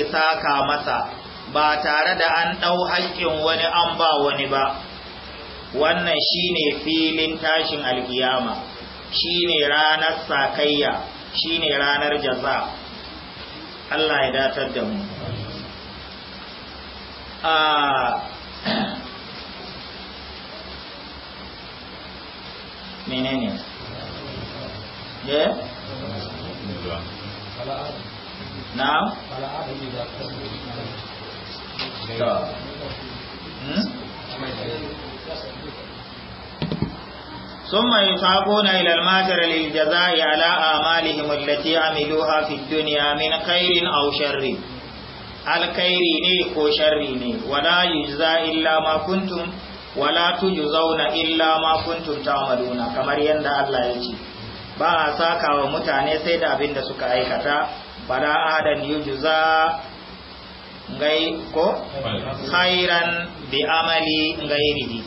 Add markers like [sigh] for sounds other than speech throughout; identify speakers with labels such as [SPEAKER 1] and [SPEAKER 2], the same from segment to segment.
[SPEAKER 1] ya saka masa ba tare da an ɗau haƙƙin wani an ba wani ba wannan shine filin tashin alkiyama shine ranar sakayya shine ranar jaza Allah ya datar da mu menene eh? na'am ثم يساقون إلى الماتر للجزاء على آمالهم التي عملوها في الدنيا من خير أو شر الخير ني كو شر ولا يجزى إلا ما كنتم ولا تجزون إلا ما كنتم تعملون كما يندى الله يجي با a saka wa mutane sai da abin da suka aikata fala ahadan yujza ngai ko khairan bi amali ghairihi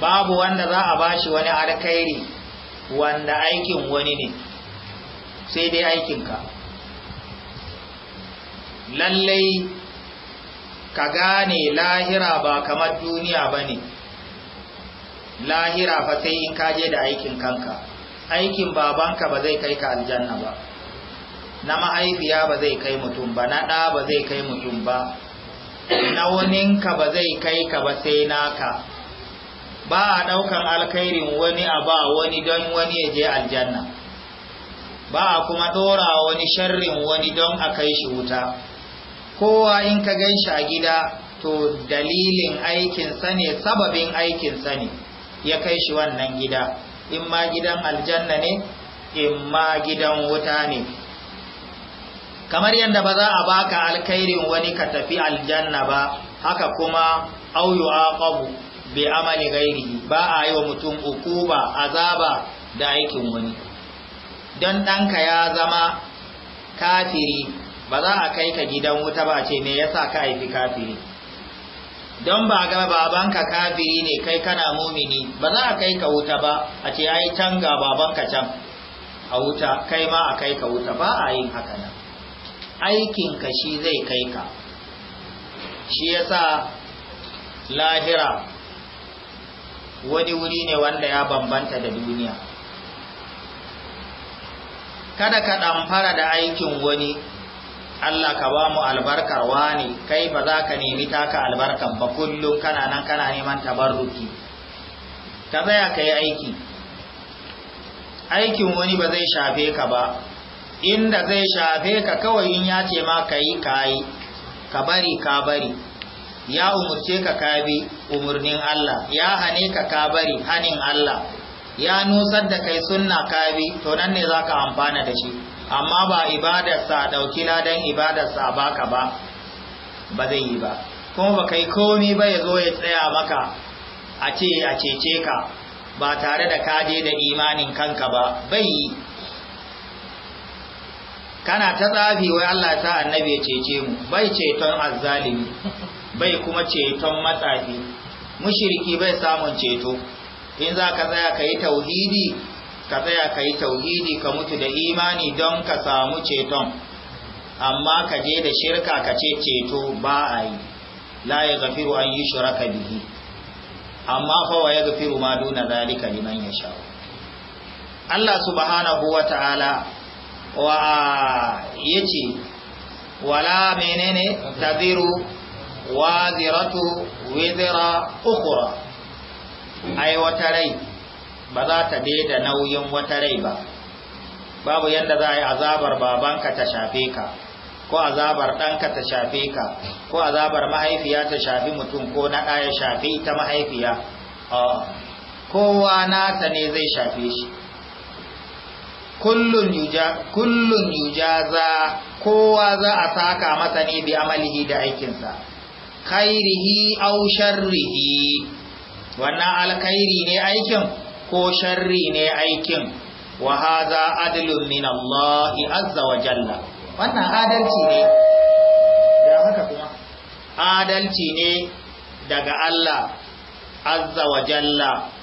[SPEAKER 1] babu wanda za a bashi wani alkhairi wanda aikin wani ne sai dai aikinka lallai ka gane lahira ba kamar duniya ba ne lahira fa sai in kaje da aikin kanka aikin babanka ba zai kai ka aljanna ba na mahaifiya ba zai kai mutum ba na ɗa ba zai kai mutum ba na ka ba zai kai ka ba sai naka ba a ɗaukan alkhairin wani a ba wani don wani ya je aljanna ba a kuma ɗora wani sharrin wani don a kai shi wuta kowa in ka gan shi a gida to dalilin aikinsa ne sababin aikinsa ne ya kai shi wannan gida in ma gidan aljanna ne in ma gidan wuta ne kamar yadda ba za a baka alkhairin wani ka tafi aljanna ba haka kuma au yu'aqabu bi amali ghairihi ba a yi wa mutum ukuba azaba da aikin wani don ɗanka ya zama kafiri ba za a kai ka gidan wuta ba ce me yasa ka haifi kafiri don ba ga babanka kafiri ne kai kana mumini ba za a kai ka wuta ba a ce ai can ga babanka can a wuta kai ma a kai ka wuta ba a yin haka nan aikinka shi zai kai ka shi yasa lahira wani wuri ne wanda ya bambanta da duniya kada ka fara da aikin wani Allah ka ba mu albarkar wani kai ba za ka nemi taka albarkar ba kullum kana nan kana neman tabarruki ka tsaya ka yi aiki aikin wani ba zai shafe ka ba inda zai shafe ka kawai in ya ce ma ka yi ka yi ka bari ka bari ya umurce ka ka bi umurnin Allah ya hane ka ka bari hanin Allah ya nusar da kai sunna ka bi to nan ne za ka amfana da shi amma ba ibadarsa ɗauki ladan ibadarsa baka ba ba zai yi ba kuma ba kai komi ba ya zo ya tsaya maka a ce a cece ka ba tare da kaje da imanin kanka ba bai yi. kana ta tsafi wai Allah ta annabi ya cece mu bai ceton azzalimi bai kuma ceton matsafi mushriki bai samun ceto in za ka tsaya ka yi tauhidi ka tsaya ka yi tauhidi ka mutu da imani don ka samu ceton amma ka je da shirka ka ce ceto ba a yi la ya gafiru an yi shuraka bihi amma fa wa ya gafiru ma duna zalika liman yasha Allah subhanahu wa ta'ala wa yace wala menene taziru waziratu wizra ukhra ai wata rai ba za ta daida nauyin wata rai ba babu yanda za a yi azabar babanka ta shafe ka ko azabar ɗanka ta shafe ka ko azabar mahaifiya ta shafi mutum ko na ɗaya shafe ta mahaifiya kowa nata ne zai shafe shi kullun yuja kullun yujaza kowa za a saka masa ne bi amalihi da aikinsa khairihi aw sharrihi wannan alkhairi ne aikin ko sharri ne aikin wa hadha adlun min Allah azza wa jalla wannan adalci ne da haka kuma adalci ne daga Allah azza wa jalla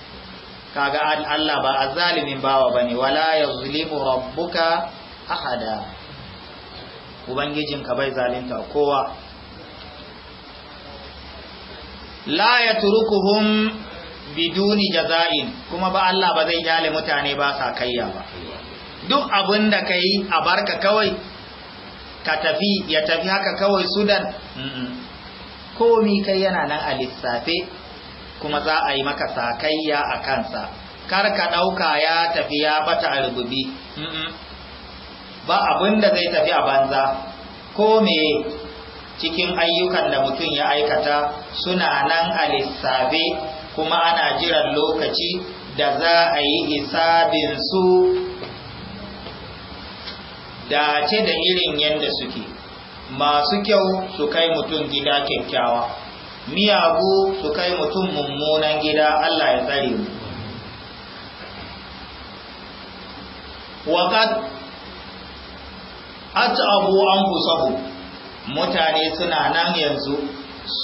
[SPEAKER 1] kaga Allah ba azzalimin bawa bane wala yazlimu rabbuka ahada ubangijinka bai zalinta kowa la yatrukuhum biduni jaza'in kuma ba Allah ba zai yale mutane ba sa kaiya ba duk abin da kai a barka kawai ka tafi ya tafi haka kawai sudan komi kai yana nan a lissafe kuma za a yi maka sakayya a kansa kar ka ɗauka ya tafi ya bata a ba abin da zai tafi a banza ko me cikin ayyukan da mutum ya aikata suna nan a lissabe kuma ana jiran lokaci da za a yi hisabinsu dace da irin yadda suke masu kyau su kai mutum gida kyakkyawa miyagu su kai mutum mummunan gida Allah ya tsare mu waqad atabu anfusahum mutane suna nan yanzu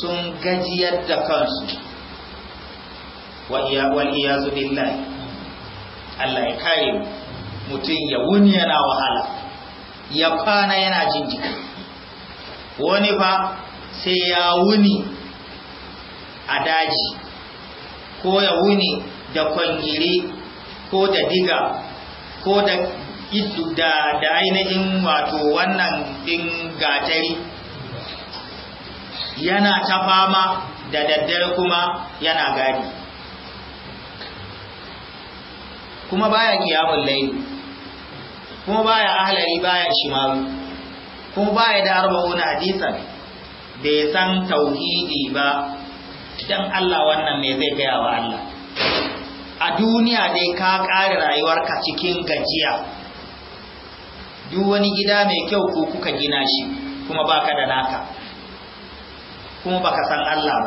[SPEAKER 1] sun gajiyar da kansu wa iya wal iyazu billahi Allah ya kare mu mutum ya wuni yana wahala ya kwana yana jin jiki wani fa sai ya wuni a daji ko ya wuni da kwangiri ko da diga ko da da da ainihin wato wannan din gatari yana ta fama da daddare kuma yana gadi kuma baya kiyamun lai kuma baya ahlari baya shimawi kuma baya da arba'una hadisan bai san tauhidi ba dan Allah wannan me zai gaya wa Allah a duniya dai ka rayuwar rayuwarka cikin gajiya duk wani gida mai kyau ko kuka gina shi kuma baka da naka kuma baka san Allah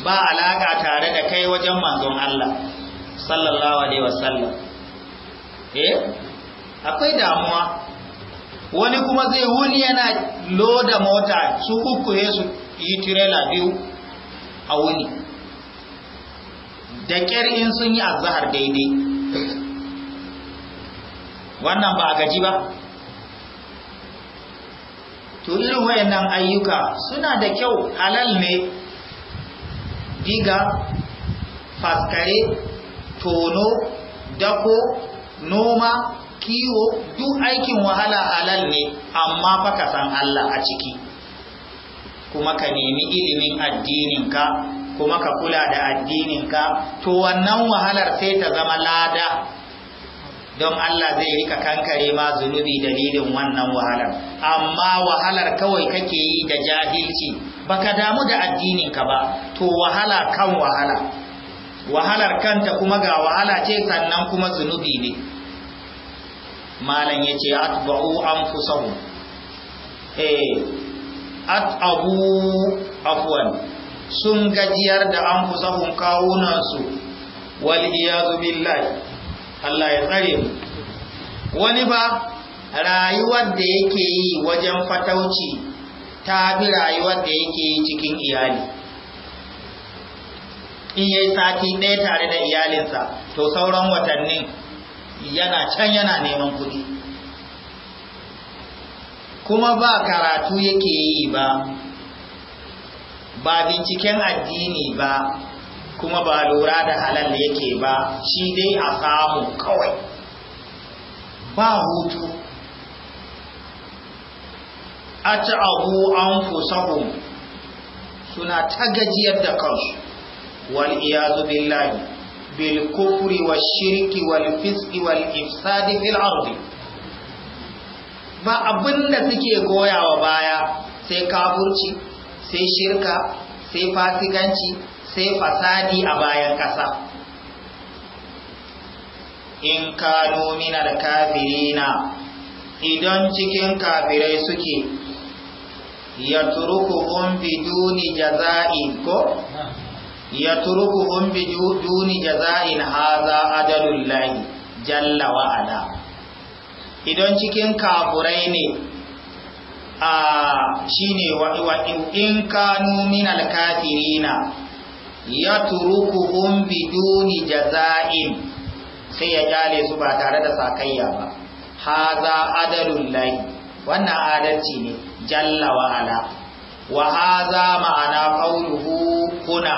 [SPEAKER 1] ba ba alaka tare da kai wajen manzon Allah sallallahu alaihi wasallam eh akwai damuwa wani kuma zai wuni yana loda mota su kukkuye su yi tirela biyu a wuni da ƙyar in sun yi azahar daidai wannan ba a gaji ba to irin wayannan ayyuka suna da kyau halal ne diga faskare tono dako noma kiwo duk aikin wahala halal ne amma fa san Allah a ciki kuma ka nemi ilimin addininka kuma ka kula da addininka to wannan wahalar sai ta zama lada don Allah zai rika kankare ma zunubi dalilin wannan wahalar amma wahalar kawai kake yi da jahilci baka damu da addininka ba to wahala kan wahala wahalar kanta kuma ga wahala ce sannan kuma zunubi ne malam yace atba'u anfusahum eh at'abu afwan sun gajiyar da an fusa kawunansu wal iyazu billahi Allah ya tsare mu wani ba rayuwar da yake yi wajen fatauci ta bi rayuwar da yake yi cikin iyali in yayi sati ɗaya tare da iyalinsa to sauran watannin yana can yana neman kuɗi kuma ba karatu yake yi ba ba binciken addini ba kuma ba lura da halal yake ba shi dai a samu kawai ba hutu a ci abu an suna ta gajiyar da kansu wal iyazu billahi bil kufri wa shirki wal fiski wal ifsadi fil ardi ba abinda suke goya wa baya sai kafurci sai shirka sai fasikanci sai fasadi a bayan ƙasa in kanu minar kafirina idan cikin kafirai suke ya turukuhun biduni jaza'in ko ya turukuhun biduni jaza'in haza adalullahi jalla wa'ala idan cikin kafurai ne a shine wa in kanu min alkafirina yatrukuhum biduni jaza'in sai ya ƙyale su ba tare da sakayya ba haza adalun lahi wannan adalci ne jalla wa ala wa ma'ana qawluhu kuna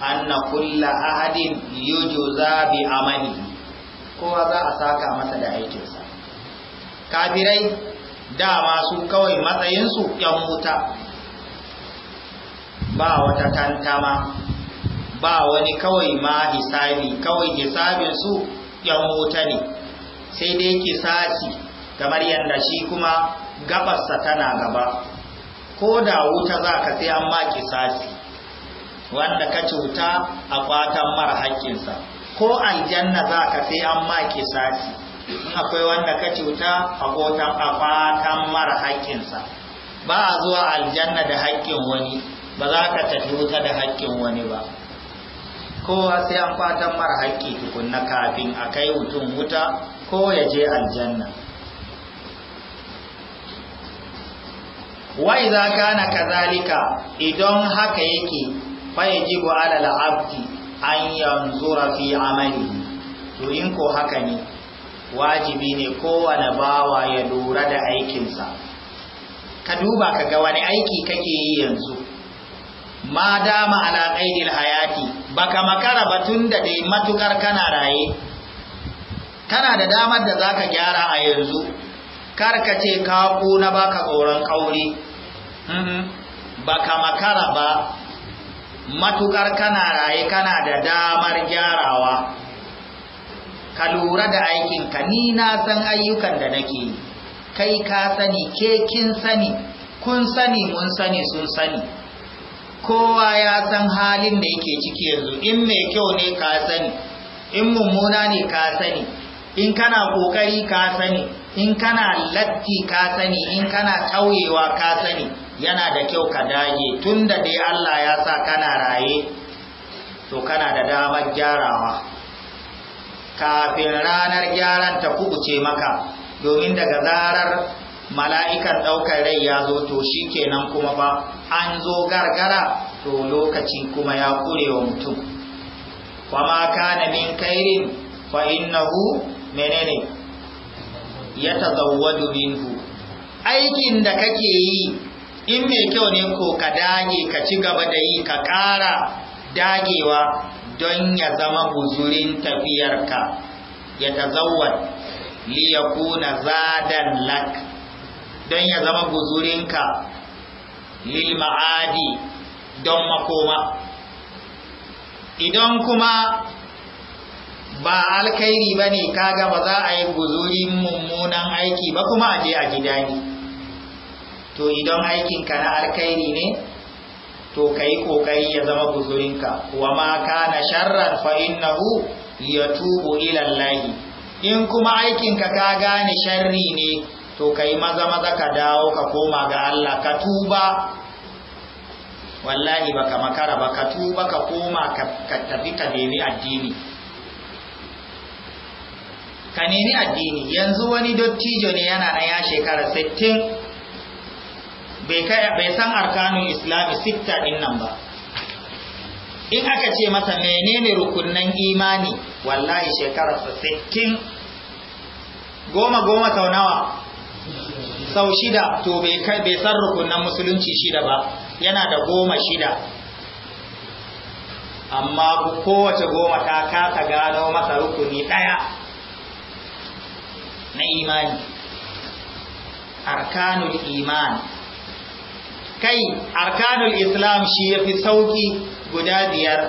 [SPEAKER 1] anna kulla ahadin yujza bi amani. kowa za a saka masa da aikinsa kafirai dama su kawai matsayinsu yan wuta ba wata tantama ba wani kawai ma hisabi kawai hisabinsu yan wuta ne sai dai kisaci kamar yadda shi kuma gabarsa tana gaba ko da wuta za ka sai an ma kisasi wanda ka cuta a kwatan mara haƙƙinsa ko aljanna za ka sai an ma kisasi akwai wanda ka cuta a kotan a fatan mara haƙƙinsa ba a zuwa aljanna da haƙƙin wani ba za ka tafi wuta da haƙƙin wani ba kowa sai an fatan mara haƙƙi tukunna kafin a kai mutum wuta ko ya je aljanna Wai za ka na kazalika idan haka yake fa ji ala abdi an yanzura fi amali to in ko haka ne wajibi ne kowane bawa ya lura da aikinsa ka duba ka ga wani aiki kake yi yanzu ma dama ala qaidil hayati baka makara batun da dai matukar kana raye kana da damar da zaka gyara a yanzu kar ka ce ka na baka tsoron kauri mm-hmm. baka makara ba matukar kana raye kana da damar gyarawa ka lura da aikinka ni na san ayyukan da nake yi kai ka sani ke kin sani kun sani mun sani sun sani kowa ya san halin da yake ciki yanzu in mai kyau ne ka sani in mummuna ne ka sani in kana kokari ka sani in kana latti ka sani in kana tauyewa ka sani yana da kyau ka dage tunda dai Allah ya sa kana raye to kana da damar gyarawa kafin ranar gyaran ta kubuce maka domin daga zarar mala'ikan ɗaukar rai ya zo to shi kenan kuma ba an zo gargara to lokaci kuma ya kure wa mutum kwama kana min kairin fa innahu menene ya tazawwadu minhu aikin da kake yi in mai kyau ne ko ka dage ka ci gaba da yi ka ƙara dagewa don ya zama guzurin tafiyarka ya tazawwad li yakuna zadan lak don ya zama guzurinka lil ma'adi don makoma idan kuma ba alkhairi ba ne kaga ba za a yi guzurin mummunan aiki ba kuma a je a gida ne to idan aikinka na alkhairi ne to kai kokari ya zama guzurinka wa ma kana sharran fa innahu yatubu ila Allah in kuma aikinka ka gane sharri ne to kai maza maza ka dawo ka koma ga Allah ka tuba wallahi baka makara ba ka tuba ka koma ka tafi ka nemi addini ka nemi addini yanzu wani dottijo ne yana na ya shekara sittin. bai san arkanun islami sitta din nan ba in aka ce masa menene rukunnan imani wallahi shekararsa sittin goma goma sau nawa sau shida to bai san rukunan musulunci shida ba yana da goma shida amma kowace goma ta kasa gano masa rukuni ɗaya na imani arkanul imani kai arkanul islam shi ya fi sauƙi guda biyar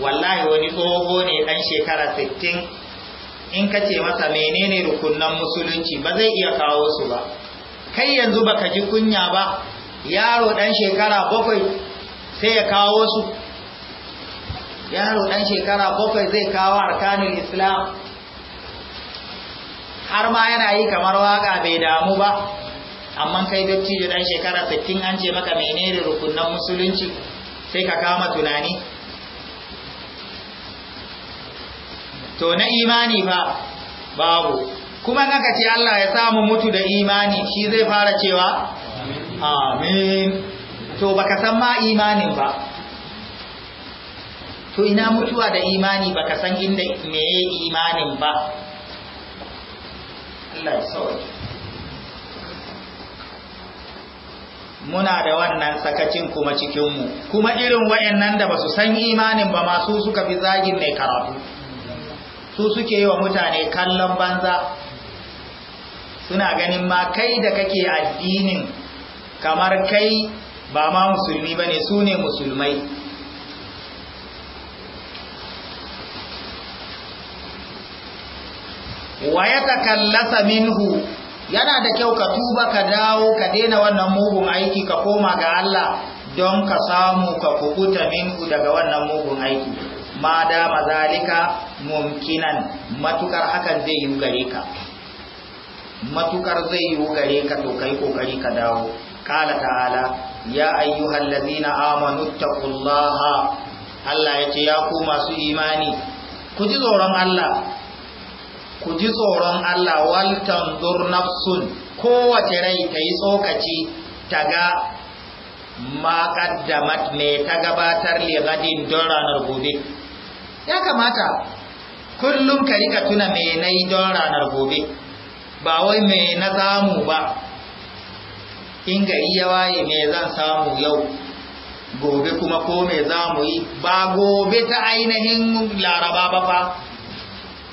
[SPEAKER 1] wallahi wani tsoho ne ɗan shekara sittin in ka ce masa menene rukunan musulunci ba zai iya kawo su ba kai yanzu baka ji kunya ba yaro ɗan shekara bakwai sai ya kawo su yaro ɗan shekara bakwai zai kawo arkanul islam har ma yana yi kamar waka bai damu ba amma kai dattijo dan shekara 60 an ce maka menene rukunan musulunci sai ka kama tunani to na imani fa babu kuma naka ce Allah ya samu mutu da imani shi zai fara cewa amin to baka san ma imanin ba to ina mutuwa da imani baka san inda meye imanin ba Allah ya sauke muna da wannan sakacin kuma cikinmu kuma irin wayannan da basu san imanin ba masu suka fi zagin mai karatu su suke yi wa mutane kallon banza suna ganin ma kai da kake addinin kamar kai ba ma musulmi ba ne su ne musulmai wa ta kallasa minhu yana da kyau ka tuba ka dawo ka daina wannan mugun aiki ka koma ga Allah don ka samu ka kubuta minku daga wannan mugun aiki ma da mazalika mumkinan matukar hakan zai yi gare ka matukar zai yi gare ka to kai kokari ka dawo kala ta'ala ya ayyuhal ladina amanu taqullaha Allah ce ya ku masu imani ku ji tsoron Allah ku ji tsoron Allah waltan nafsun kowace rai ta yi tsokaci ta ga maƙaddamat mai ta gabatar ligadin don ranar gobe ya kamata kullum ka rika tuna me na yi don ranar gobe ba wai me na zamu ba in gari ya waye me zan samu yau gobe kuma ko mai zamu yi ba gobe ta ainihin laraba ba fa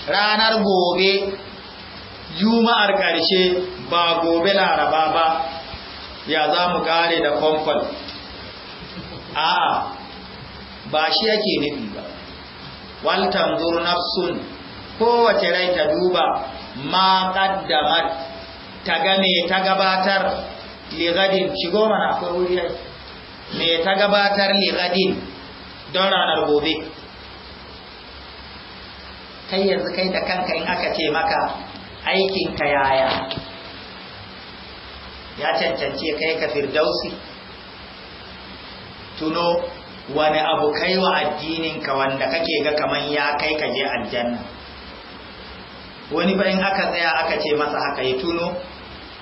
[SPEAKER 1] ranar gobe juma'ar ƙarshe ba gobe laraba ba ya za mu ƙare da kwamfal a'a ba shi yake nufi ba waltan nafsun kowace rai ta duba ma ƙaddamat ta game ta gabatar ligadin shigo mana akwai wuri me ta gabatar ligadin don ranar gobe kai yanzu kai da kanka in aka ce maka aikinka yaya ya cancanci kai ka firdausi tuno wani abu kai wa addininka wanda kake ga kaman ya kai ka je aljanna wani bayan aka tsaya aka ce masa haka ya tuno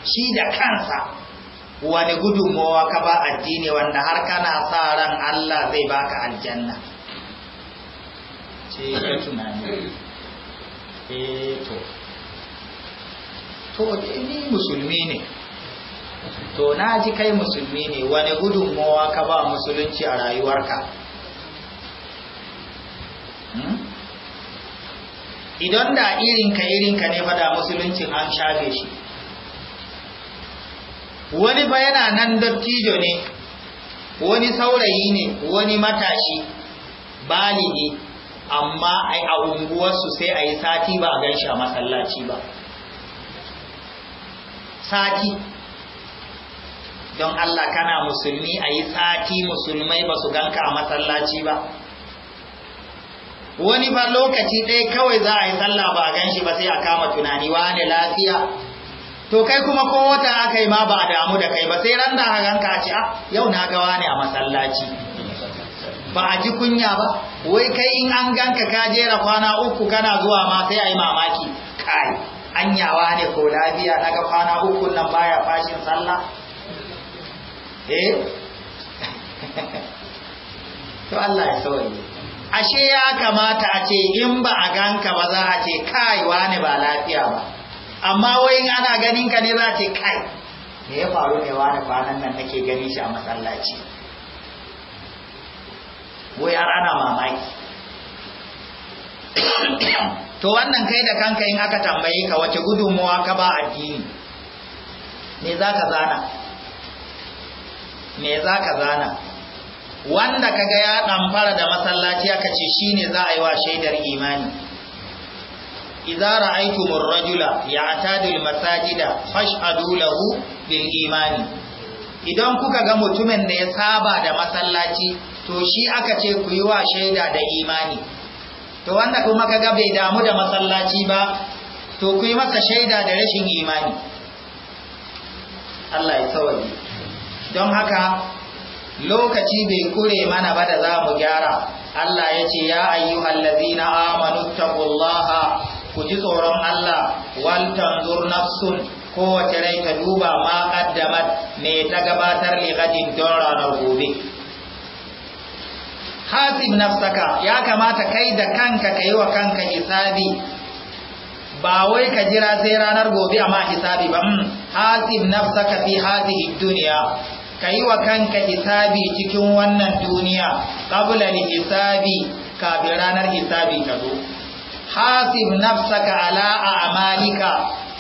[SPEAKER 1] shi da kansa wani gudunmowa ka ba addini wanda har kana sa ran Allah zai baka aljanna ce ka tunani eh to to ni musulmi ne to na ji kai musulmi ne wani gudunmowa ka ba musulunci a rayuwarka hmm? idan da irinka irinka ne fada musuluncin an shafe shi wani ba yana nan dattijo ne wani saurayi ne wani matashi bali ne. amma a unguwarsu sai a yi sati ba a gan shi a masallaci ba sati don Allah kana musulmi a yi sati musulmai ba su ganka a masallaci ba wani ba lokaci ɗaya kawai za a yi sallah ba a gan shi ba sai a kama tunani ne lafiya to kai kuma ko wata aka yi ma ba a damu da kai ba sai ran da ganka a ah yau na gawa ne a masallaci ba a ji kunya ba wai kai in an ganka ka jera kwana uku kana zuwa ma sai a yi mamaki kai anyawa ne ko lafiya na ga kwana uku nan baya fashin sallah eh [laughs] to Allah ya sauri ashe ya kamata a ce in ba a ganka ba za a ce kai wane ba lafiya ba amma wai in ana ganin ka ne za a ce kai me ya faru ne wane kwanan nan nake ganin shi a masallaci wayar ana mamaki to wannan kai da kanka in aka tambaye ka wace gudunmuwa ka ba addini me za ka zana me za ka zana wanda kaga ya ɗamfara da masallaci aka ce shi ne za a yi wa shaidar imani idza ra'aytumur rajula ya'tadul masajida fash'adu lahu bil imani idan kuka ga mutumin da ya saba da masallaci to shi aka ce ku yi wa shaida da imani to wanda kuma kaga bai damu da masallaci ba to ku yi masa shaida da rashin imani Allah ya tsawari don haka lokaci bai kure mana ba da za mu gyara Allah ya ce ya ayyuhallazina amanu taqullaha ku ji tsoron Allah wal tanzur nafsun kowace rai ka duba ma kaddamat me ta gabatar ligadin don ranar gobe hasib nafsaka ya kamata kai da kanka ka yi wa kanka hisabi ba wai ka jira sai ranar gobe amma hisabi ba mm, hasib nafsaka fi hadhihi dunya kai wa kanka hisabi cikin wannan duniya qabla li hisabi kafin ranar hisabi ka zo hasib nafsaka ala a'malika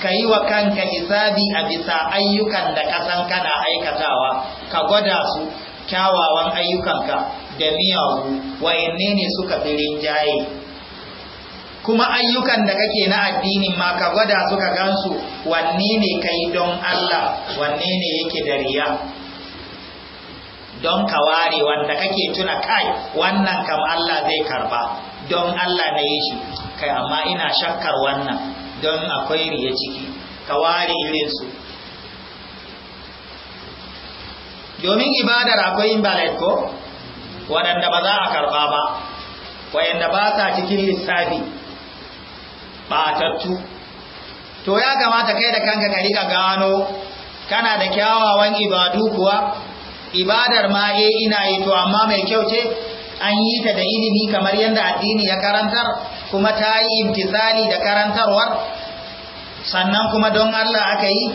[SPEAKER 1] kai wa kanka hisabi a bisa ayyukan da ka san kana aikatawa ka gwada su kyawawan ayyukanka da miyagu wa'inne ne suka fi rinjaye kuma ayyukan da kake na addinin ma ka gwada suka gansu wanne ne kai don Allah wanne ne yake da riya don ka ware wanda kake tuna kai wannan kam Allah zai karba don Allah na yi shi kai amma ina shakkar wannan don akwai riya ciki ka ware irinsu domin ibadar akwai imbalai ko? waɗanda ba za a karɓa ba waɗanda ba sa cikin lissafi ɓatattu to ya kamata kai da kanka ka riƙa gano kana da kyawawan ibadu kuwa ibadar ma e ina yi to amma mai kyau ce an yi ta da ilimi kamar yadda addini ya karantar kuma ta yi imtisali da karantarwar sannan kuma don Allah aka yi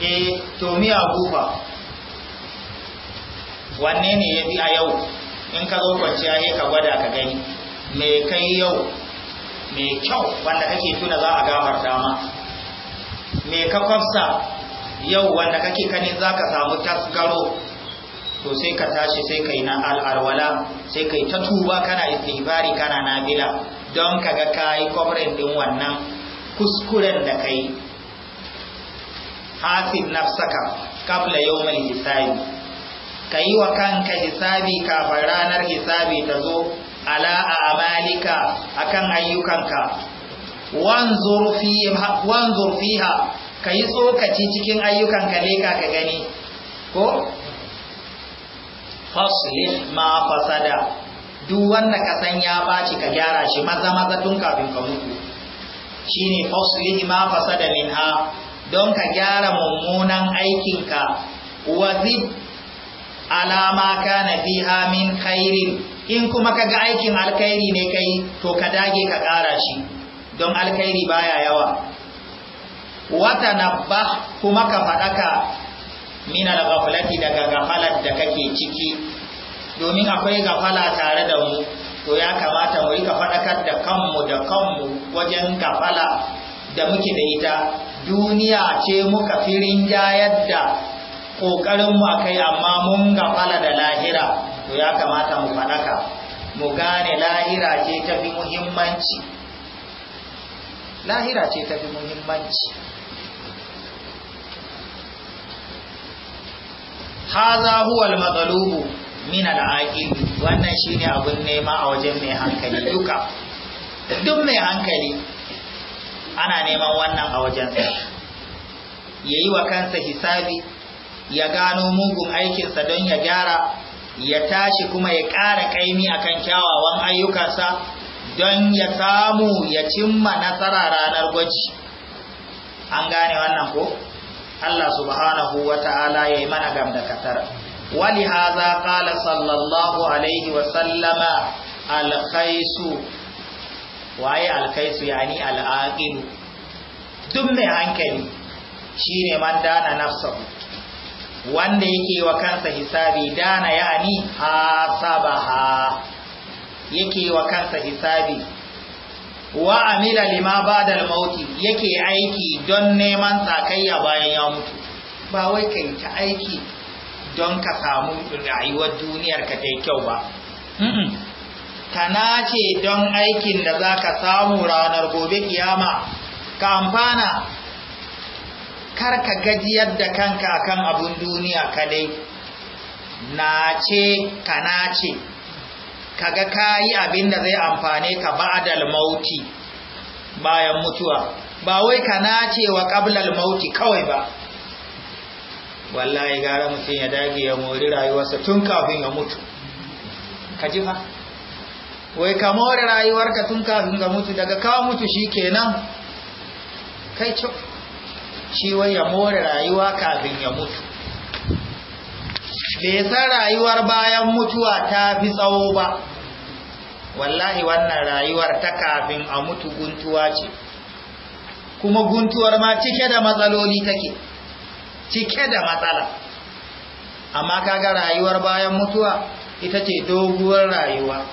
[SPEAKER 1] e to miya gufa wanne ne ya fi a yau in ka zo kwanciya sai ka gwada ka gani me kai yau me kyau wanda kake tuna za a gafarta ma me ka kwafsa yau wanda kake kani za ka samu tasgaro to sai ka tashi sai ka yi na al'arwala sai ka yi ta tuba kana istighfari kana nabila don ka ga ka yi kwamrin din wannan kuskuren da ka yi hasib nafsaka kabla yau mai hisabi ka yi wa kanka hisabi kafin ranar hisabi ta zo ala a amalika akan ayyukanka wanzur fiha ka yi tsokaci cikin ayyukanka leka ka gani ko faslih ma fasada duk wanda ka san ya baci ka gyara shi maza maza tun kafin ka mutu shine faslih ma fasada minha don ka gyara mummunan aikinka wazid alama kana fi amin khairin in kuma ka ga aikin alkhairi ne kai to ka dage ka ƙara shi don alkhairi baya yawa wata nabba kuma ka faɗaka min alghaflati daga gafalar da kake ciki domin akwai gafala tare da mu to ya kamata mu rika faɗakar da kanmu da kanmu wajen gafala da muke da ita duniya ce muka firin jayar da ƙoƙarinmu a kai amma mun gafala da lahira to ya kamata mu faɗaka mu gane lahira ce ta fi muhimmanci lahira ce ta fi muhimmanci haza al matsalubu min al'aqil wannan shine abun nema a wajen mai hankali duka duk mai hankali ana neman wannan a wajen yayi wa kansa hisabi ya gano mugun aikinsa don ya gyara ya tashi kuma ya ƙara ƙaimi kan kyawawan ayyukansa don ya samu ya cimma nasara ranar gwaji an gane wannan ko Allah subhanahu wa ta'ala ya yi mana gam da katar wali haza kala sallallahu alaihi wasallama alkaisu. waye alkhaisu yani al'aqilu duk mai hankali shine man dana nafsa. wanda yake wa kansa hisabi dana ya'ani hasabaha yake wa kansa hisabi wa amila lima ba'da al yake aiki don neman tsakayya bayan ya mutu ba wai kai ta aiki don ka samu rayuwar duniyar ka tai kyau ba kana ce don aikin da zaka samu ranar gobe kiyama ka amfana karka gajiyar da kanka akan abun duniya kadai ce ka na ce, ga ka yi abin da zai amfane ka ba'dal mauti bayan mutuwa ba wai ka ce wa qablal mauti kawai ba wallahi gara mutum ya dage ya mori rayuwarsa tun kafin ya mutu ka ji fa wai ka more rayuwarka tun kafin ka mutu daga ka mutu shikenan kai cewa shi wai ya more rayuwa kafin ya mutu bai san rayuwar bayan mutuwa ta fi tsawo ba wallahi wannan rayuwar ta kafin a mutu guntuwa ce kuma guntuwar ma cike da matsaloli take cike da matsala amma kaga rayuwar bayan mutuwa ita ce doguwar rayuwa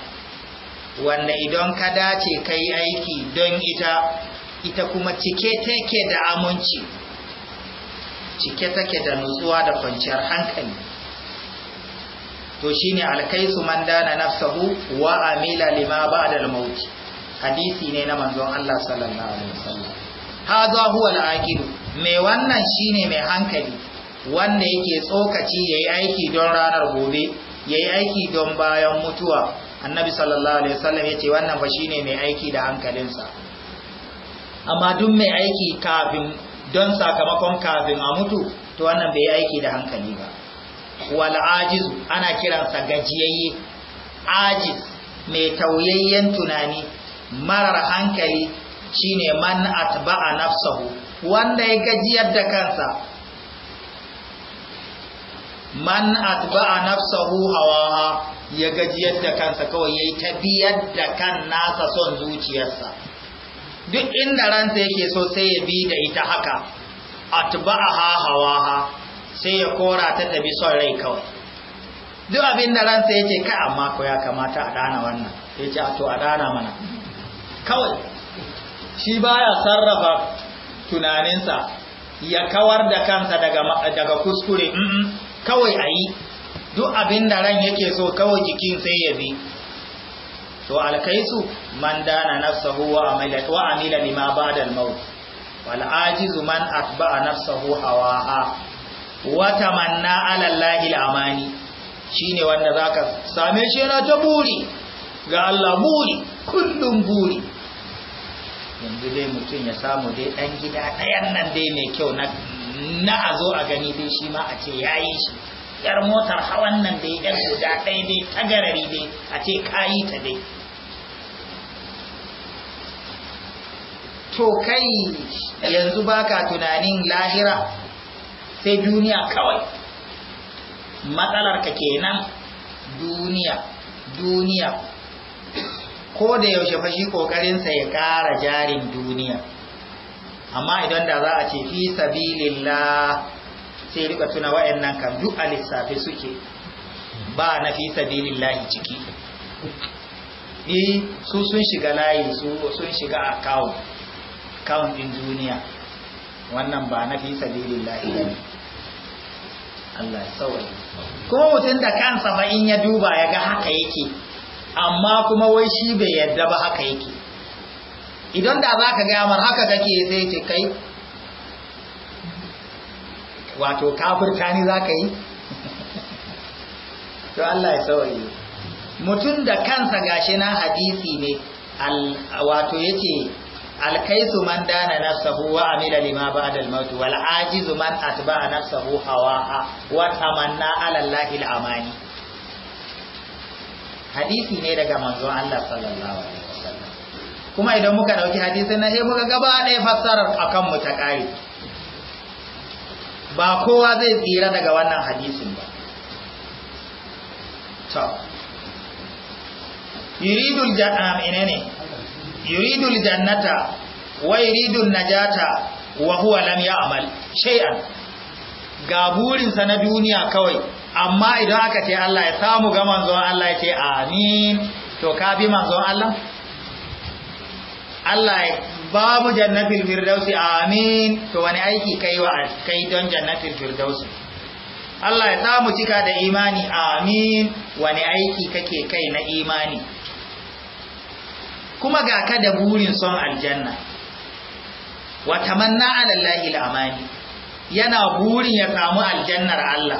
[SPEAKER 1] wanda idan ka dace kai aiki don ita ita kuma cike take da aminci cike take da nutsuwa da kwanciyar hankali to shine alkaisu man dana nafsahu wa amila lima ba'da al hadisi ne na manzon Allah sallallahu alaihi wasallam hadha huwa al-aqil mai wannan shine mai hankali wanda yake tsokaci yayi aiki don ranar gobe yayi aiki don bayan mutuwa annabi sallallahu alaihi wasallam yace wannan fa shine mai aiki da hankalinsa amma duk mai aiki kafin don sakamakon kafin a mutu to wannan bai aiki da hankali ba wal ajizu ana kiransa gajiyayye ajiz mai tauyayyen tunani marar hankali shine man atba'a nafsahu wanda ya gajiyar da kansa man atba'a nafsahu hawaha ya gajiyar da kansa kawai yayi tabiyar da kan nasa son zuciyarsa duk inda ransa yake so sai ya bi da ita haka a hawa ha, sai ya kora ta tabi son rai kawai duk abin da ransa yake kai amma ko ya kamata a dana wannan ce a to a dana mana kawai shi baya sarrafa tunaninsa ya kawar da kansa daga kuskure kawai a kawai ayi duk abin da ran yake so kawai jikin sai ya bi to alkaisu man dana nafsahu wa amila wa amila lima ba'da al-maut wal ajizu man atba'a nafsahu hawaha wa tamanna 'ala allahi al-amani shine wanda zaka same shi yana ta buri ga Allah buri kullum buri yanzu dai mutum ya samu dai dan gida ɗayan nan dai mai kyau na na a zo a gani dai shi ma a ce yayi shi yar motar hawan nan dai yar guda dai dai tagarari dai a ce kayi ta dai to kai yanzu baka tunanin lahira sai duniya kawai Matsalar ka kenan duniya duniya ko da yaushe fashi kokarinsa ya ƙara jarin duniya amma idan da za a ce fi sabilillah sai rika tuna wayannan kan duk a lissafe suke ba na fi sabilillah ciki Ni eh, su sun shiga layi su sun shiga account account din duniya wannan ba na fi sabilillahi bane Allah sauwa ko mutum da kansa ba in ya duba ya ga haka yake amma kuma wai shi bai yadda ba haka yake idan da za ka mar haka kake sai ce kai wato kafirta ne za ka yi [laughs] to Allah ya sauwaye mutum da kansa gashi na hadisi ne wato yake alkaisu man dana nafsahu wa amila lima ba'da al-maut wal ajizu man atba'a nafsahu hawaha wa tamanna 'ala Allahi al-amani hadisi ne daga manzon Allah sallallahu alaihi wasallam kuma idan muka ɗauki hadisin nan sai muka gaba ɗaya fassarar akan mu ta kare ba kowa zai tsira daga wannan hadisin ba to yuridul jannah yuridul jannata wa yuridul najata wa huwa lam ya'mal shay'an ga burinsa na duniya kawai amma idan aka ce Allah ya samu ga manzon Allah ya ce amin to ka bi manzon Allah Allah ya ba mu jannatul firdausi amin to wani aiki kai wa kai don jannatul firdausi Allah ya samu cika da imani amin wani aiki kake kai na imani kuma ga ka da burin son aljanna wa tamanna ala llahi amani yana burin ya samu aljannar Allah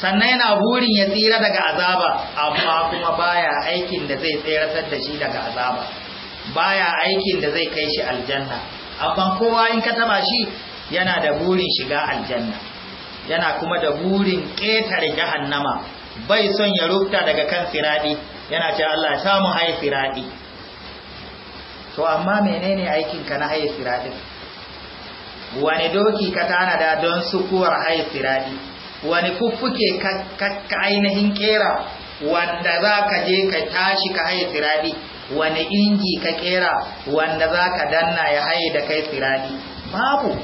[SPEAKER 1] sannan yana burin ya tsira daga azaba amma kuma baya aikin da zai tsiratar da shi daga azaba baya aikin da zai kai shi aljanna amma kowa in ka taba shi yana da burin shiga aljanna yana kuma da burin ƙetare jahannama bai son ya rubta daga kan siradi yana ce Allah ya samu haifiraɗi siradi to amma menene aikinka na haye siradi wani doki ka tanada don sukuwar haye siradi wani fuffuke ka ainihin kera wanda za ka je ka tashi ka haye siradi wani inji ka kera wanda za ka danna ya haye da kai siradi babu